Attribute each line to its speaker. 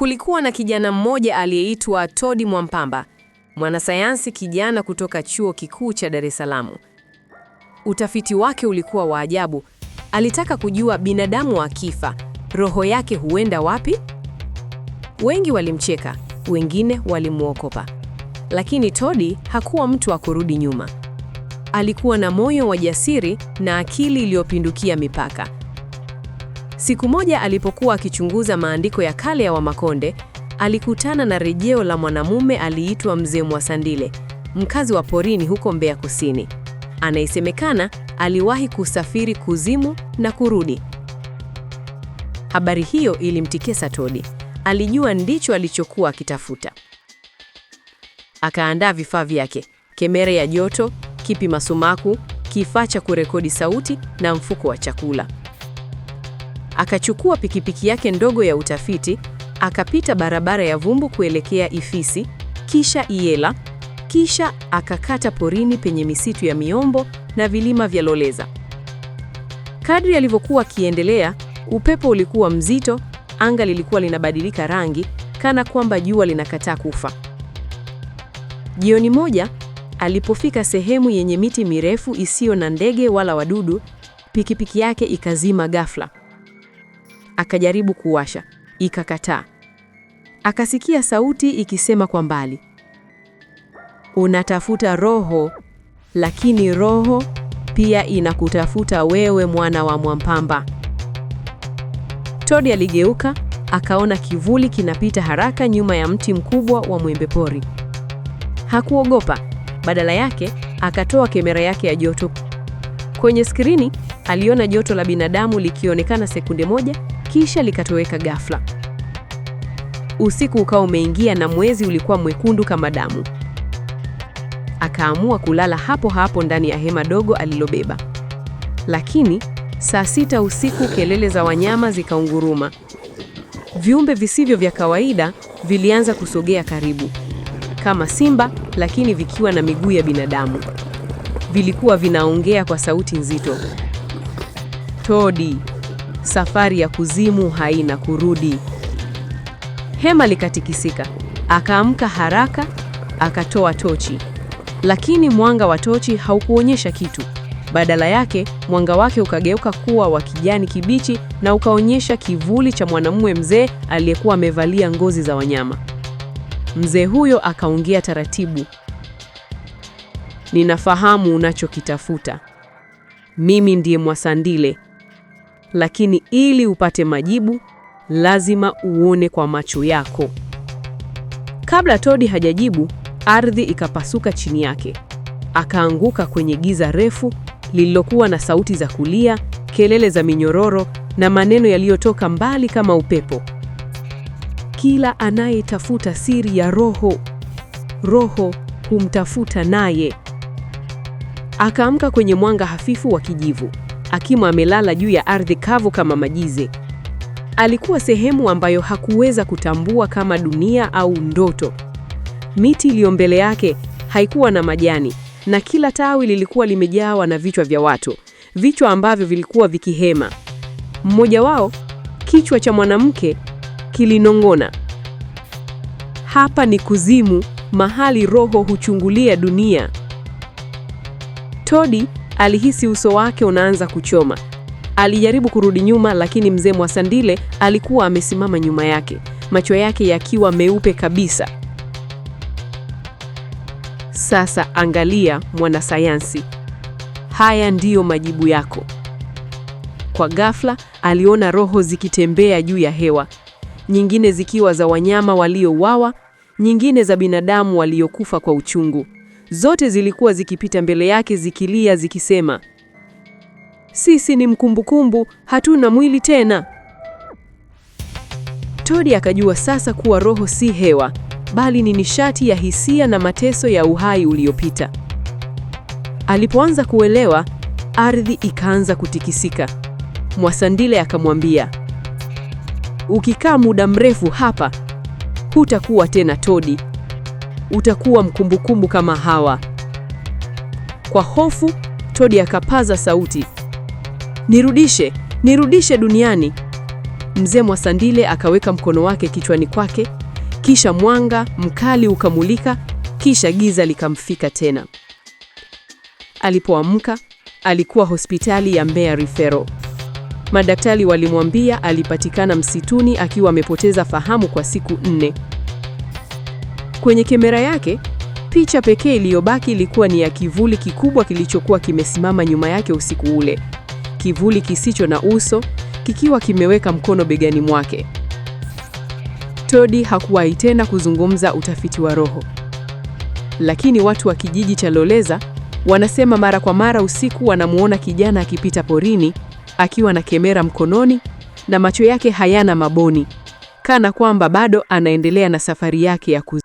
Speaker 1: Kulikuwa na kijana mmoja aliyeitwa Todi Mwampamba, mwanasayansi kijana kutoka Chuo Kikuu cha Dar es Salaam. Utafiti wake ulikuwa wa ajabu. Alitaka kujua binadamu akifa, roho yake huenda wapi? Wengi walimcheka, wengine walimwokopa Lakini Todi hakuwa mtu wa kurudi nyuma. Alikuwa na moyo wa jasiri na akili iliyopindukia mipaka. Siku moja alipokuwa akichunguza maandiko ya kale ya Wamakonde, alikutana na rejeo la mwanamume aliitwa Mzee Mwasandile, mkazi wa porini huko Mbeya Kusini, anayesemekana aliwahi kusafiri kuzimu na kurudi. Habari hiyo ilimtikisa Todi. Alijua ndicho alichokuwa akitafuta. Akaandaa vifaa vyake: kamera ya joto, kipima sumaku, kifaa cha kurekodi sauti na mfuko wa chakula. Akachukua pikipiki yake ndogo ya utafiti, akapita barabara ya Vumbu kuelekea Ifisi, kisha Iela, kisha akakata porini penye misitu ya miombo na vilima vya Loleza. Kadri alivyokuwa akiendelea, upepo ulikuwa mzito, anga lilikuwa linabadilika rangi kana kwamba jua linakataa kufa. Jioni moja alipofika sehemu yenye miti mirefu isiyo na ndege wala wadudu, pikipiki yake ikazima ghafla. Akajaribu kuwasha, ikakataa. Akasikia sauti ikisema kwa mbali, unatafuta roho, lakini roho pia inakutafuta wewe, mwana wa Mwampamba. todi aligeuka akaona kivuli kinapita haraka nyuma ya mti mkubwa wa mwembe pori. Hakuogopa, badala yake akatoa kamera yake ya joto. Kwenye skrini aliona joto la binadamu likionekana sekunde moja kisha likatoweka ghafla. Usiku ukawa umeingia na mwezi ulikuwa mwekundu kama damu. Akaamua kulala hapo hapo ndani ya hema dogo alilobeba. Lakini saa sita usiku kelele za wanyama zikaunguruma. Viumbe visivyo vya kawaida vilianza kusogea karibu, kama simba lakini vikiwa na miguu ya binadamu. Vilikuwa vinaongea kwa sauti nzito. Todi, Safari ya kuzimu haina kurudi. Hema likatikisika, akaamka haraka, akatoa tochi, lakini mwanga wa tochi haukuonyesha kitu. Badala yake mwanga wake ukageuka kuwa wa kijani kibichi na ukaonyesha kivuli cha mwanamume mzee aliyekuwa amevalia ngozi za wanyama. Mzee huyo akaongea taratibu, ninafahamu unachokitafuta. Mimi ndiye Mwasandile lakini ili upate majibu lazima uone kwa macho yako. Kabla Todi hajajibu, ardhi ikapasuka chini yake, akaanguka kwenye giza refu lililokuwa na sauti za kulia, kelele za minyororo na maneno yaliyotoka mbali kama upepo. Kila anayetafuta siri ya roho, roho humtafuta naye. Akaamka kwenye mwanga hafifu wa kijivu akimwa amelala juu ya ardhi kavu kama majize. Alikuwa sehemu ambayo hakuweza kutambua kama dunia au ndoto. Miti iliyo mbele yake haikuwa na majani na kila tawi lilikuwa limejawa na vichwa vya watu, vichwa ambavyo vilikuwa vikihema. Mmoja wao, kichwa cha mwanamke, kilinong'ona, hapa ni kuzimu, mahali roho huchungulia dunia. Todi Alihisi uso wake unaanza kuchoma. Alijaribu kurudi nyuma, lakini mzee Mwasandile alikuwa amesimama nyuma yake, macho yake yakiwa meupe kabisa. Sasa angalia, mwanasayansi, haya ndiyo majibu yako. Kwa ghafla aliona roho zikitembea juu ya hewa, nyingine zikiwa za wanyama waliouawa, nyingine za binadamu waliokufa kwa uchungu. Zote zilikuwa zikipita mbele yake zikilia, zikisema, sisi ni mkumbukumbu, hatuna mwili tena. todi akajua sasa kuwa roho si hewa, bali ni nishati ya hisia na mateso ya uhai uliopita. Alipoanza kuelewa, ardhi ikaanza kutikisika. Mwasandile akamwambia, ukikaa muda mrefu hapa hutakuwa tena todi utakuwa mkumbukumbu kama Hawa. Kwa hofu, Todi akapaza sauti, nirudishe, nirudishe duniani. Mzee Mwasandile akaweka mkono wake kichwani kwake, kisha mwanga mkali ukamulika, kisha giza likamfika tena. Alipoamka alikuwa hospitali ya Mbeya Referral. Madaktari walimwambia alipatikana msituni akiwa amepoteza fahamu kwa siku nne. Kwenye kamera yake, picha pekee iliyobaki ilikuwa ni ya kivuli kikubwa kilichokuwa kimesimama nyuma yake usiku ule, kivuli kisicho na uso kikiwa kimeweka mkono begani mwake. Todi hakuwahi tena kuzungumza utafiti wa roho, lakini watu wa kijiji cha Loleza wanasema mara kwa mara usiku wanamuona kijana akipita porini akiwa na kamera mkononi na macho yake hayana maboni, kana kwamba bado anaendelea na safari yake ya kuzi.